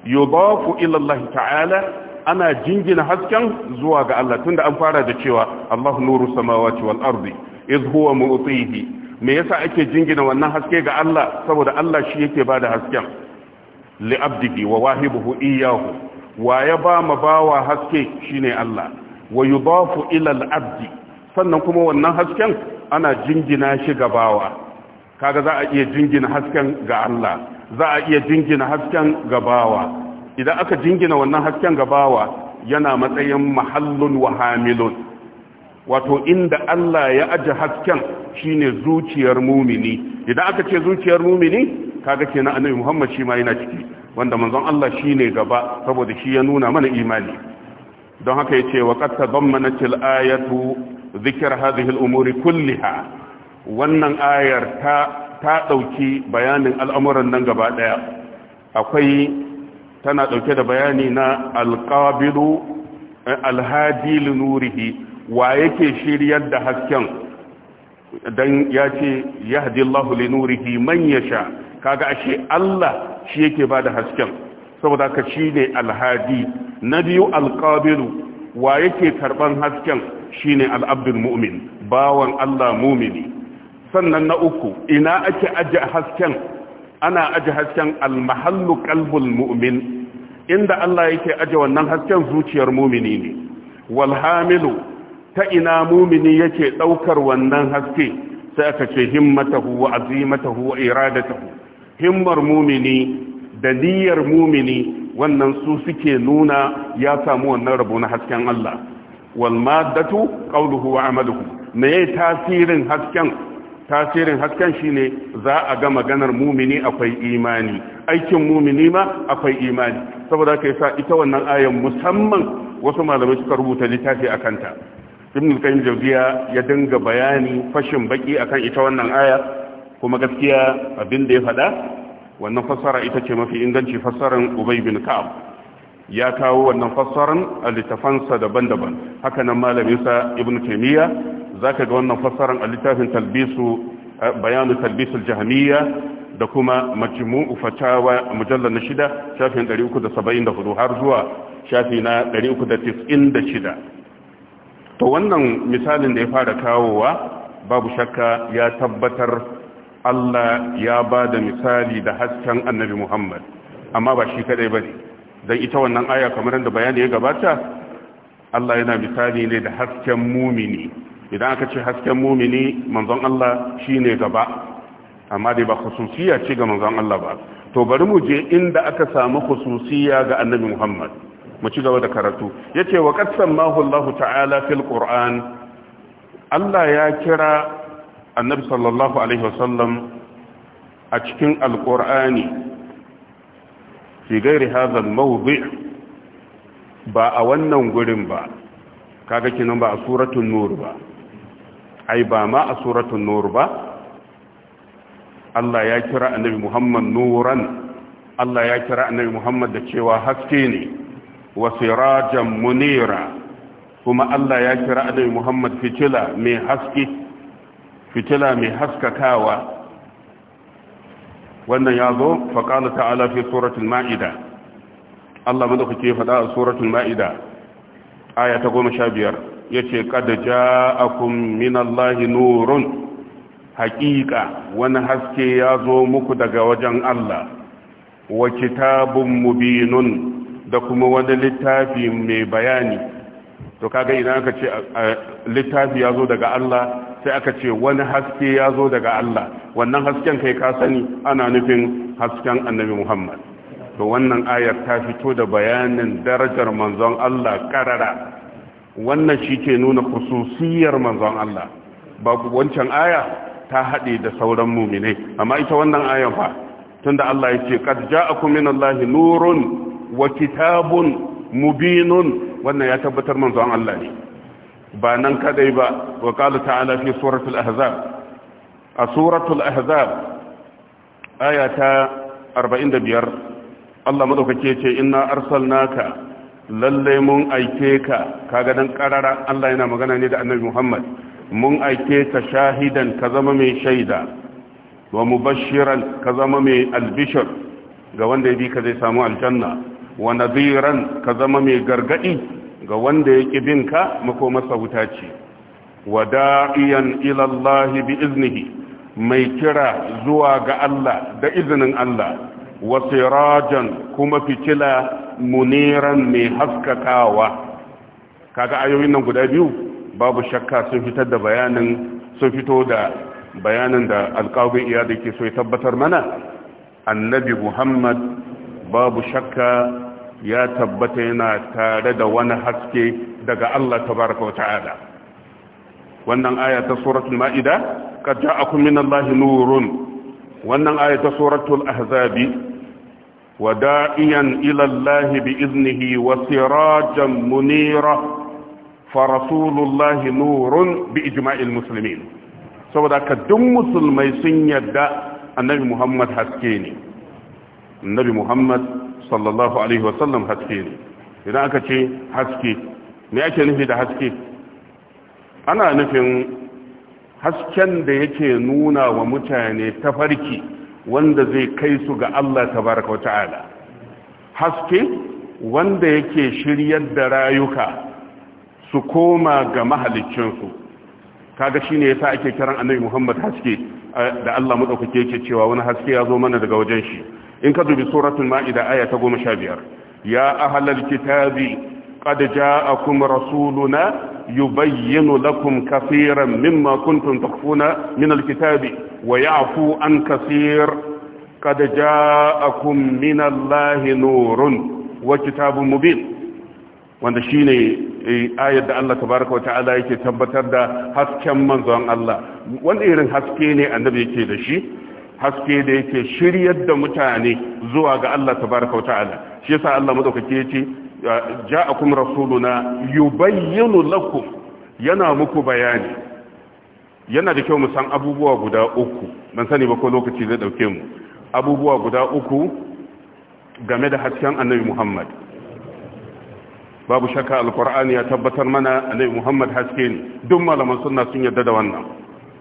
yudafu ila Allah ta'ala ana jingina hasken zuwa ga Allah tunda an fara da cewa Allahu nuru samawati wal ardi iz huwa mu'tihi me yasa ake jingina wannan haske ga Allah saboda Allah shi yake bada hasken li abdihi wa wahibuhu iyyahu wa ya ba ma bawa haske shine Allah wa yudafu ila al-abdi sannan kuma wannan hasken ana jingina shi ga bawa kaga za a iya jingina hasken ga Allah za a iya jingina hasken ga bawa idan aka jingina wannan hasken ga bawa yana matsayin mahallun wa hamilun wato inda Allah ya aje hasken shine zuciyar mumini idan aka ce zuciyar mumini kaga kenan annabi Muhammad shi ma yana ciki wanda manzon Allah shine gaba saboda shi ya nuna mana imani don haka yace wa qad tadammanat al-ayatu zikir hadhihi al-umuri kulliha wannan ayar ta ta dauki bayanin al'amuran nan gaba daya akwai tana dauke da bayani na al-qabilu eh, al nurihi wa yake shiryar da hasken dan ya ce yahdi man yasha kaga ashe Allah shi yake bada hasken saboda ka shine alhadi hadi na biyu al wa yake karban hasken shine al'abdul mu'min bawan Allah mumini sannan na uku ina ake aje hasken ana aje hasken al-mahallu qalbul mu'min inda Allah yake aje wannan hasken zuciyar mumini ne wal hamilu ta ina mumini yake daukar wannan haske sai aka ce himmatahu wa azimatahu wa iradatahu himmar mumini da niyyar mumini wannan su suke nuna ya samu wannan rabo na hasken Allah Walmadatu maddatu qawluhu wa amaluhu me yayi tasirin hasken tasirin hasken shine za a ga maganar mumini akwai imani aikin mumini ma akwai imani saboda kai sa ita wannan ayan musamman wasu malamai suka rubuta littafi akan ta ibn al-qayyim ya dinga bayani fashin baki akan ita wannan aya kuma gaskiya abin da ya faɗa wannan fassara ita ce mafi inganci fassaran ubay bin ka'ab ya kawo wannan fassaran a littafansa daban-daban haka nan sa ibn taymiya zaka ga wannan fassaran a littafin talbisu bayanu al da kuma majmu'u fatawa mujallal na shida shafin 374 har zuwa shafi na 396 to wannan misalin da ya fara kawowa babu shakka ya tabbatar Allah ya ba da misali da hasken annabi Muhammad amma ba shi kadai ba ne don ita wannan aya kamar da bayani ya gabata Allah yana misali ne da hasken mumini idan aka ce hasken mumini manzon Allah shi ne gaba amma dai ba khususiya ce ga manzon Allah ba to bari mu je inda aka samu khususiya ga annabi Muhammad mu ci gaba da karatu yace wa qad sammahu Allah ta'ala fil Qur'an Allah ya kira annabi sallallahu alaihi wasallam a cikin alkur'ani fi gairi hazan mawuzi ba a wannan gurin ba kaga kinan ba a suratun nur ba ai ba ma a suratun nur ba Allah ya kira annabi Muhammad nuran Allah ya kira annabi Muhammad da cewa haske ne wa sirajan munira kuma Allah ya kira annabi Muhammad fitila mai haske fitila mai haskakawa wannan ya zo faƙala ta'ala fi suratul ma'ida Allah madaukake faɗa a suratul ma'ida aya ta goma sha biyar ya ce ƙada ja'akun minallahi nurun haƙiƙa wani haske ya zo muku daga wajen Allah wa kitabun mubinun da kuma wani littafi mai bayani to kaga idan aka ce littafi ya zo daga Allah sai aka ce wani haske ya zo daga Allah wannan hasken kai ka sani ana nufin hasken annabi Muhammad to wannan ayar ta fito da bayanin darajar manzon Allah karara wannan shi ke nuna khususiyar manzon Allah ba wancan aya ta haɗe da sauran muminai amma ita wannan ayar fa tunda Allah ya ce qad ja'akum minallahi nurun wa kitabun mubinun wannan ya tabbatar manzon Allah ne ba nan kadai ba wa qala ta'ala fi suratul ahzab a suratul ahzab ayata 45 Allah madaukake ce inna arsalnaka lalle mun aike ka kaga dan karara Allah yana magana ne da Annabi Muhammad mun aike ka shahidan ka zama mai shaida wa mubashiran ka zama mai albishir ga wanda ya bi ka zai samu aljanna wa nadhiran ka zama mai gargadi ga wanda ya ƙi bin ka masa wuta ce wa da'iyan ilallahi bi iznihi mai kira zuwa ga Allah da izinin Allah wasu sirajan kuma fitila muniran mai haskakawa kaga ayoyin nan guda biyu babu shakka sun fitar da bayanin sun fito da bayanin da alƙawin iya da ke so ya tabbatar mana annabi muhammad babu shakka ya tabbata yana tare da wani haske daga Allah tabaraka wa ta'ala wannan aya suratul ma'ida qad ja'akum minallahi nurun wannan aya ta suratul ahzabi wada'iyan ila Allah bi iznihi wa sirajan munira farasulullahi nurun bi ijma'il muslimin saboda ka duk musulmai sun yadda annabi Muhammad haske ne annabi Muhammad sallallahu alaihi wasallam haske ne idan aka ce haske me ake nufi da haske ana nufin hasken da yake nuna wa mutane tafarki wanda zai kai su ga Allah tabaraka wata'ala haske wanda yake shiryar da rayuka su koma ga mahaliccinsu kaga shine yasa ake kiran annabi Muhammad haske eh, da Allah madaukake yake cewa wani haske ya zo mana daga wajen shi in ka dubi suratul ma'ida aya ta goma sha biyar ya ahalal kitabi qad ja'akum rasuluna yubayyinu lakum kaseeran mimma kuntum takhfuna min alkitabi wa ya'fu an kaseer qad ja'akum min allahi nurun wa kitabun mubin wanda shine eh, ayar da Allah tabaraka wata'ala yake tabbatar da hasken manzon Allah wanda irin haske ne annabi yake da shi haske da yake shiryar da mutane zuwa ga Allah tabaraka wa ta'ala shi yasa Allah madaukake yace ja'akum rasuluna yubayyinu lakum yana muku bayani yana da kyau mu san abubuwa guda uku ban sani ba ko lokaci zai dauke mu abubuwa guda uku game da hasken annabi Muhammad babu shakka alqur'ani ya tabbatar mana annabi Muhammad haske ne duk malaman sunna sun yarda da wannan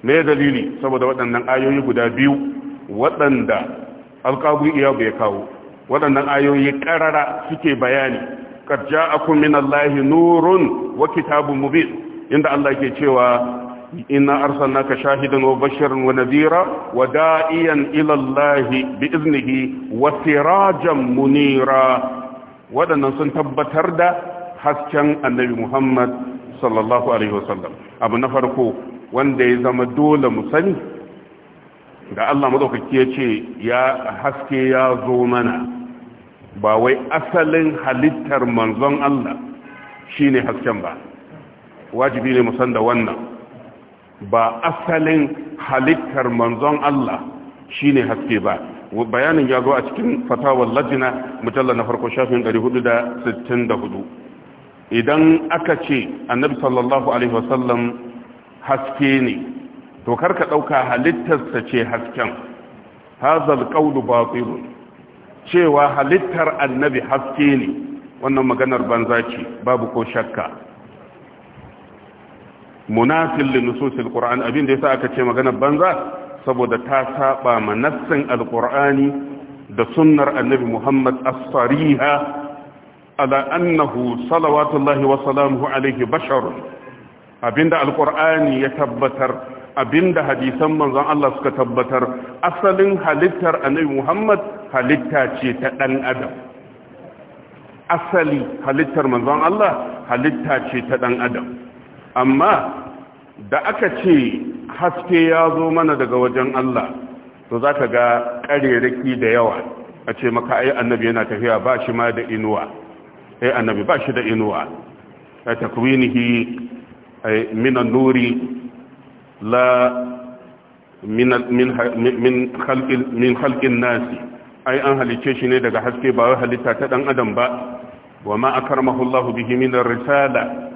me dalili saboda waɗannan ayoyi guda biyu waɗanda alƙawun iyabu ya kawo waɗannan ayoyi ƙarara suke bayani qad ja'akum min allahi nurun wa kitabun mubin inda Allah ke cewa inna arsalnaka shahidan wa bashirin wa nadhira wa da'iyan ilallahi allahi bi iznihi wa sirajan munira waɗannan sun tabbatar da hasken annabi Muhammad sallallahu alaihi wasallam abu na farko wanda ya zama dole mu sani da Allah madaukaki ya ce ya haske ya zo mana ba wai asalin halittar manzon Allah shine hasken ba wajibi ne musan da wannan ba asalin halittar manzon Allah shine haske ba bayanin ya zo a cikin fatawar lajina mujalla na farko shafin 464 idan aka ce annabi sallallahu alaihi wasallam haske ne to karka ɗauka halittarsa ce hasken hazal ƙaunu batsiru cewa halittar annabi haske ne wannan maganar banza ce babu ko shakka munafin linusosil ƙura'an abin da ya sa aka ce maganar banza saboda ta saba manassin alƙur'ani da sunnar annabi muhammad as-sariha ala annahu salawatullahi wa alaihi bashar abinda alƙur'ani ya tabbatar abinda hadisan manzon Allah suka tabbatar asalin halittar annabi Muhammad halitta ce ta dan adam asali halittar manzon Allah halitta ce ta dan adam amma da aka ce haske ya zo mana daga wajen Allah to zaka ga kareraki da yawa a ce maka ai annabi yana tafiya ba shi ma da inuwa ai annabi ba shi da inuwa takwinihi ai minan nuri la min halkin nasi ai an halice shi ne daga haske ba wai halitta ta ɗan adam ba wa ma akarmahu Allah bihi min risala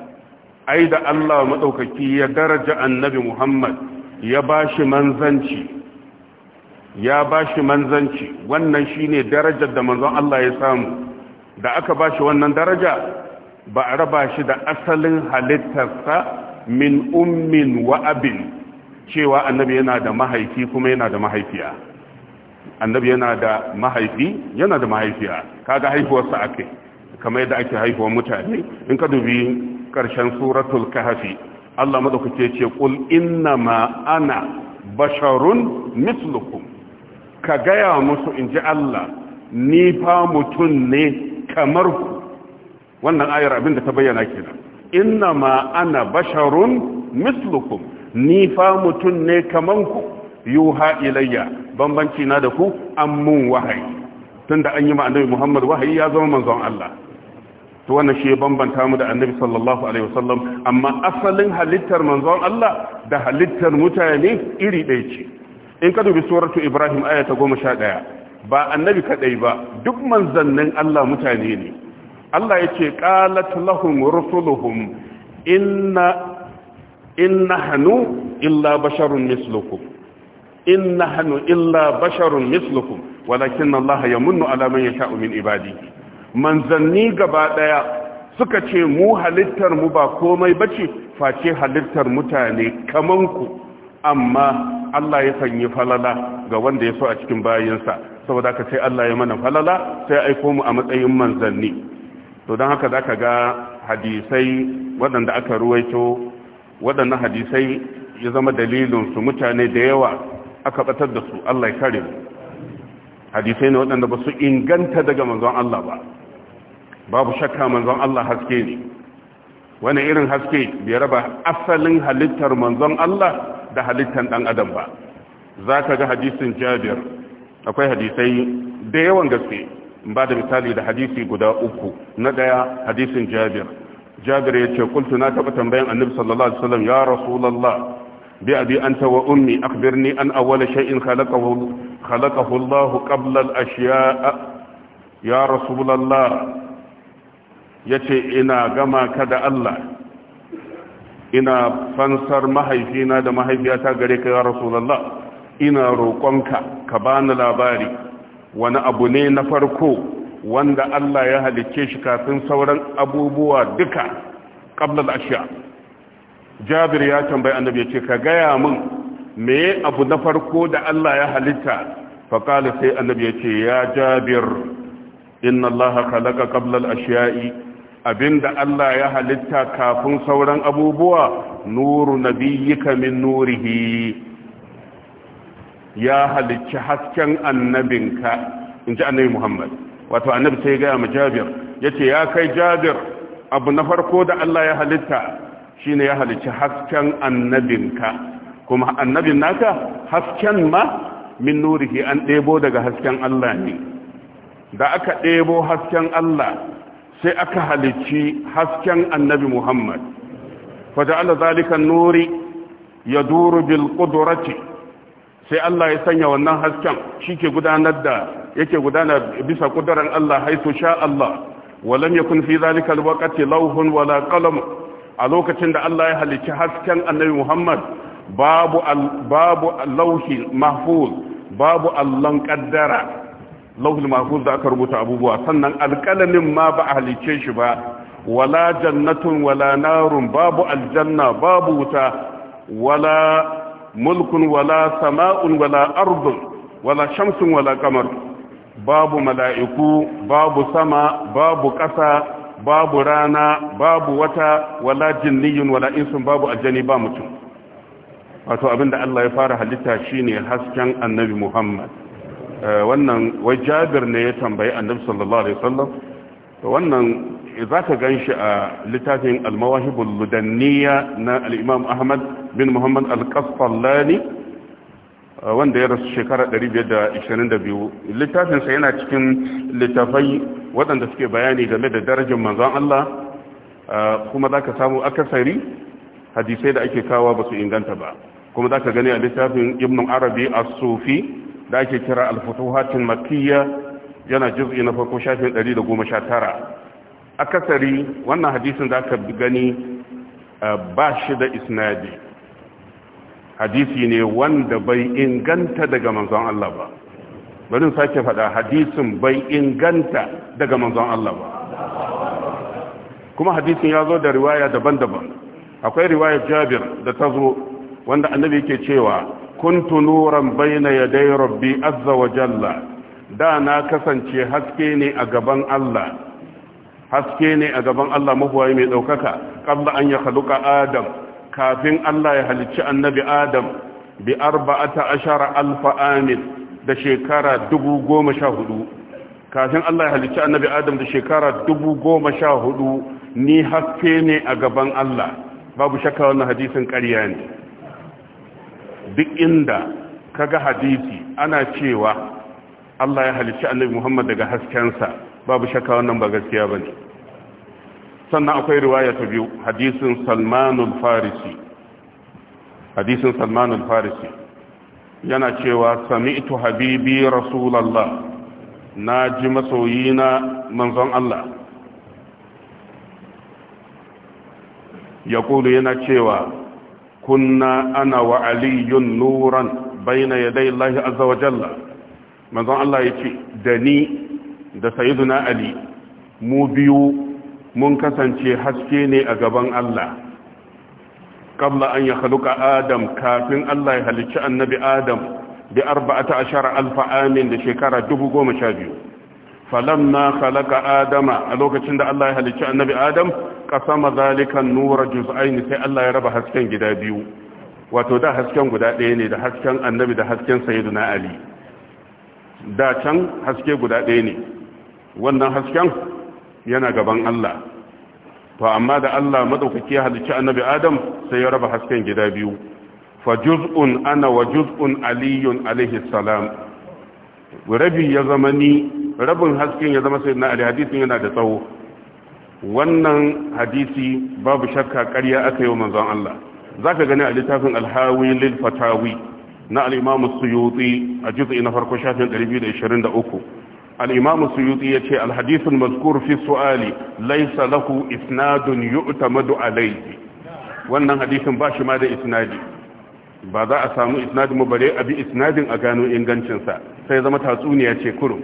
ai da Allah madaukaki ya daraja annabi Muhammad ya bashi manzanci ya bashi manzanci wannan shine darajar da manzon Allah ya samu da aka bashi wannan daraja ba a raba shi da asalin halittarsa min ummin wa abin cewa annabi yana da mahaifi kuma yana da mahaifiya annabi yana da mahaifi yana da mahaifiya kaga haihuwarsa ake kamar yadda ake haihuwar mutane in ka dubi karshen suratul kahfi Allah madaukake ce kul inna ma ana basharun mithlukum ka gaya musu in ji Allah ni fa mutum ne kamar ku wannan ayar abinda ta bayyana kenan inna ma ana basharun mislukum ni fa mutun ne kaman ku yuha ilayya bambanci na da ku ammun wahayi tunda an yi ma annabi Muhammad wahayi ya zama manzon Allah to wannan shi ya bambanta mu da annabi sallallahu alaihi wasallam amma asalin halittar manzon Allah da halittar mutane iri ɗaya ce in ka dubi suratu Ibrahim ayata 11 ba annabi kadai ba duk manzannin Allah mutane ne Allah ya ce qalat lahum rusuluhum inna in nahnu illa basharun mislukum in hannu illa basharun mislukum walakin Allah yamunnu ala man yasha'u min ibadihi manzanni gaba ɗaya suka ce mu halittar mu ba komai bace face halittar mutane kaman ku amma Allah ya sanyi falala ga wanda ya so a cikin bayinsa saboda ka sai Allah ya mana falala sai aiko mu a matsayin manzanni to don haka za ka ga hadisai waɗanda aka ruwaito waɗannan hadisai ya zama dalilinsu mutane da yawa aka batar da su Allah ya kare hadisai ne waɗanda ba su inganta daga manzon Allah ba babu shakka manzon Allah haske ne wani irin haske bai raba asalin halittar manzon Allah da halittar ɗan adam ba za ka ga hadisin jabir akwai hadisai da yawan gaske ba da misali da hadisi guda uku na daya hadisin jabir jabir ya ce kultu na taɓa tambayan annabi sallallahu alaihi wasallam ya rasulallah bi abi anta wa ummi akhbirni an awwala shay'in khalaqahu khalaqahu Allah qabla al-ashya'a ya rasulallah yace ina gama ka da Allah ina fansar mahaifina da mahaifiyata gare ka ya rasulallah ina roƙonka ka bani labari wani abu ne na farko wanda Allah ya halicce shi kafin sauran abubuwa duka qabla al Jabir ya tambayi annabi ya ce ka gaya min me abu na farko da Allah ya halitta fa sai annabi ya ce ya Jabir inna Allah khalaqa qabla al-ashya'i abinda Allah ya halitta kafin sauran abubuwa nuru nabiyyika kamin nurihi ya halicci hasken annabinka in ji annabi muhammad wato annabi sai gaya ma jabir ya ce ya kai jabir abu na farko da allah ya halitta shine ya halicci hasken annabinka kuma annabin naka hasken ma min nurihi an ɗebo daga hasken allah ne da aka ɗebo hasken allah sai aka halicci hasken annabi muhammad faja'ala zalika nuri yaduru bil qudrati sai Allah ya sanya wannan hasken shi ke gudanar da yake gudana bisa kudaran Allah haitu sha Allah walam yakun fi zalika alwaqti lawhun wala qalam a lokacin da Allah ya halicci hasken Annabi Muhammad babu babu lawhi mahfuz babu allan qaddara lawhul mahfuz da aka rubuta abubuwa sannan alqalamin ma ba a halicce shi ba wala jannatun wala narun babu aljanna babu wuta wala mulkun wala sama'un wala ardun wala shamsun wala kamar babu mala'iku babu sama babu ƙasa babu rana babu wata wala jinniyun wala insun babu aljani ba mutum wato abin da Allah ya fara halitta shine hasken annabi Muhammad eh, wannan wai Jabir ne ya tambayi annabi sallallahu alaihi wasallam wannan za ka gan shi a littafin almawahibul ludanniya na al'imam ahmad bin muhammad al-kasfallani uh, wanda ya rasu shekara 522 littafinsa yana cikin littafai waɗanda suke bayani game da darajin manzan Allah uh, kuma za ka samu akasari hadisai da ake kawo ba su inganta ba kuma za ka gani a littafin ibn arabi a sufi da ake kira al-futuhatin makiyya yana juz'i na farko shafin 119 akasari wannan hadisin za ka gani eh, ba shi da isnadi hadisi ne wanda bai inganta daga manzon Allah ba bari sake faɗa hadisin bai inganta daga manzon Allah ba kuma hadisin ya zo da riwaya daban-daban akwai riwayar jabir da ta zo wanda annabi yake cewa kuntu nuran bayna yaday rabbi azza wa jalla da na kasance haske ne a gaban Allah haske ne a gaban Allah mahuwayi mai ɗaukaka ƙabla an ya haluka adam kafin Allah ya halicci annabi adam bi arba'ata ashara alfa amin da shekara dubu goma sha hudu kafin Allah ya halicci annabi adam da shekara dubu goma sha hudu ni haske ne a gaban Allah babu shakka wannan hadisin ƙarya ne duk inda ka ga hadisi ana cewa Allah ya halicci annabi Muhammad daga haskensa babu shakka wannan ba gaskiya ba ne. sannan akwai riwaya ta biyu hadisin salmanul farisi hadisin salmanul farisi yana cewa sami'tu habibi rasulallah na ji masoyina manzon Allah ya kulu yana cewa kunna ana wa aliyun nuran bayna yadai Allah azza manzon Allah ya ce da ni da saiduna ali mu biyu mun kasance haske ne a gaban Allah qabla an yakhluqa adam kafin Allah ya halicci annabi adam bi 14000 alf amin da shekara dubu goma sha biyu 10012 na khalaqa adama a lokacin da Allah ya halicci annabi adam qasama zalika an-nura juz'ain sai Allah ya raba hasken gida biyu wato da hasken guda ɗaya ne da hasken annabi da hasken sayyiduna ali da can haske guda ɗaya ne wannan hasken yana gaban Allah to amma da Allah madaukaki ya halicci annabi Adam sai ya raba hasken gida biyu fa juz'un ana wa juz'un aliyun alaihi salam rabi ya zama ni rabin hasken ya zama sayyidina ali hadisin yana da tsawo wannan hadisi babu shakka ƙarya aka yi wa manzon Allah zaka gani a littafin al lil fatawi na al-imam as-suyuti a juz'i na farko shafin 223 الإمام السيوطي يتي الحديث المذكور في السؤال ليس له إسناد يؤتمد عليه wannan hadisin ba shi ma da isnadi ba za a samu isnadin mu a bi isnadin a gano ingancinsa sai zama tatsuniya ce kurum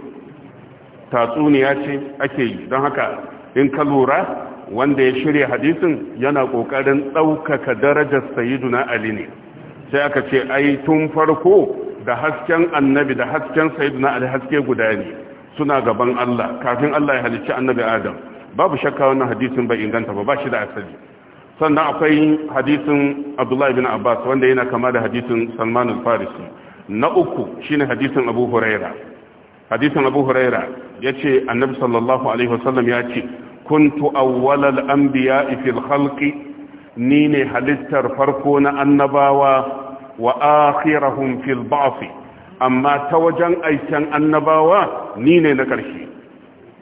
tatsuniya ce ake yi don haka in ka lura wanda ya shirya hadisin yana kokarin ɗaukaka darajar sayyiduna ali ne sai aka ce ai tun farko da hasken annabi da hasken sayyiduna ali haske guda ne suna gaban Allah kafin Allah ya halicci annabi Adam babu shakka wannan hadisin bai inganta ba ba shi da asali sannan akwai hadisin Abdullah ibn Abbas wanda yana kama da hadisin Salman al-Farisi na uku shine hadisin Abu Huraira hadisin Abu Huraira yace annabi sallallahu alaihi wasallam ya ce kuntu awwalal anbiya'i fil khalqi ni ne halittar farko na annabawa wa akhirahum fil ba'thi amma ta wajen aikin annabawa ni ne na ƙarshe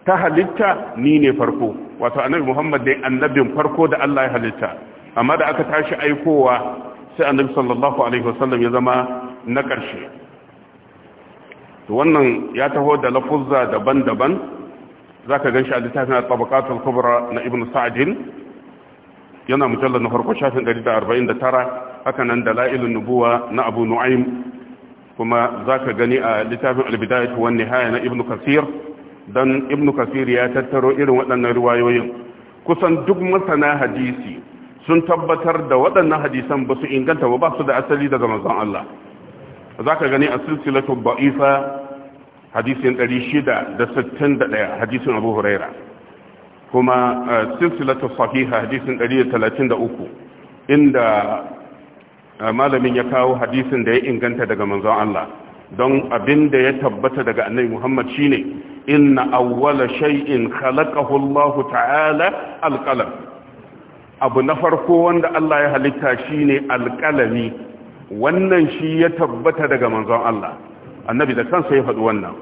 ta halitta ni ne farko wato annabi muhammad ne annabin farko da allah ya halitta amma da aka tashi aikowa sai annabi sallallahu alaihi wasallam ya zama na ƙarshe wannan ya taho da lafuzza daban-daban za ka gan shi a littafin a tabakatul kubra na ibn sa'adin yana mujallar na farko shafin 149 haka nan da la'ilun nubuwa na abu nu'aim kuma za ka gani a littafin albidayat wani haya na ibn kasir don ibn kasir ya tattaro irin waɗannan riwayoyin kusan duk masana hadisi sun tabbatar da waɗannan hadisan ba su inganta ba ba su da asali daga manzon Allah za ka gani a silsilatu ba'ifa hadisin 661 hadisin abu huraira kuma eh, silsilatu sahiha hadisin 133 inda malamin ya kawo hadisin da ya inganta daga manzon Allah don abin da ya tabbata daga annabi Muhammad shine inna awwala shay'in khalaqahu Allah ta'ala alqalam abu na farko wanda Allah ya halitta shine alqalami wannan shi ya tabbata daga manzon Allah annabi da kansa ya faɗi wannan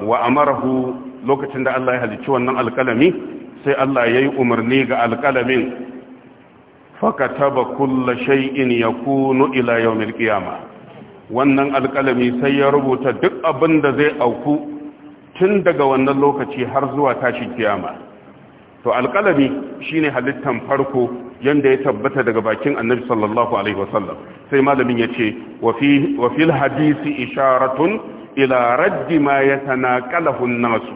wa amarahu lokacin da Allah ya halicci wannan alqalami sai Allah ya yi umarni ga alqalamin fakataba kulla shay'in yakunu ila yawmil qiyama wannan alƙalami sai ya rubuta duk abin da zai auku tun daga wannan lokaci har zuwa tashin kiyama to alƙalami shine halittan farko yanda ya tabbata daga bakin annabi sallallahu alaihi wasallam sai malamin yace wa fi wa fil hadisi isharatun ila raddi ma yatanaqalahu an-nasu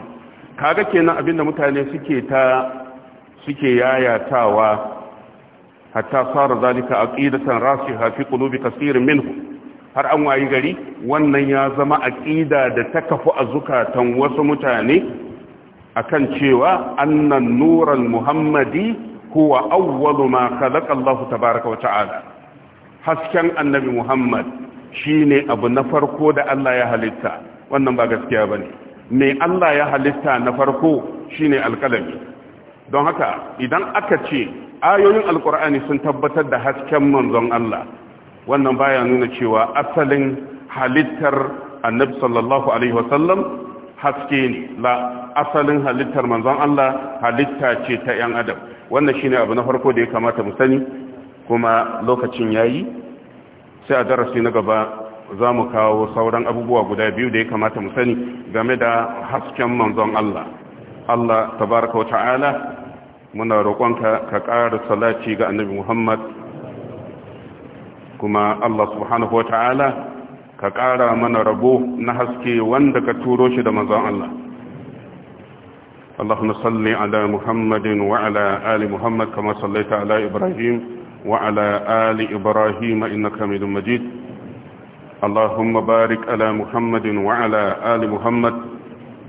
kaga kenan abinda mutane suke ta suke yayatawa hatta sara zalika aqidatan rasiha fi qulubi kaseerin minhu har an wayi gari wannan ya zama aqida da ta kafu a zukatan wasu mutane akan cewa annan nural muhammadi huwa awwalu ma khalaqa Allah tabaaraka wa ta'ala hasken annabi Muhammad shine abu na farko da Allah ya halitta wannan ba gaskiya bane me Allah ya halitta na farko shine alkalami don haka idan aka ce ayoyin alkur'ani sun tabbatar da hasken manzon Allah wannan baya nuna cewa asalin halittar annabi sallallahu alaihi wasallam haske ne la asalin halittar manzon Allah halitta ce ta yan adam wannan shine abu na farko da ya kamata mu sani kuma lokacin yayi sai a darasi na gaba za mu kawo sauran abubuwa guda biyu da ya kamata mu sani game da hasken manzon Allah Allah tabaraka wa ta'ala muna roƙonka ka ƙara salaci ga annabi muhammad kuma allah subhanahu wa ta'ala ka ƙara mana rabo na haske wanda ka turo shi da mazan allah allah na salli ala muhammadin wa ala ali muhammad kama sallaita ala ibrahim wa ali ibrahim innaka mai majid allahumma barik ala muhammadin wa ala ali muhammad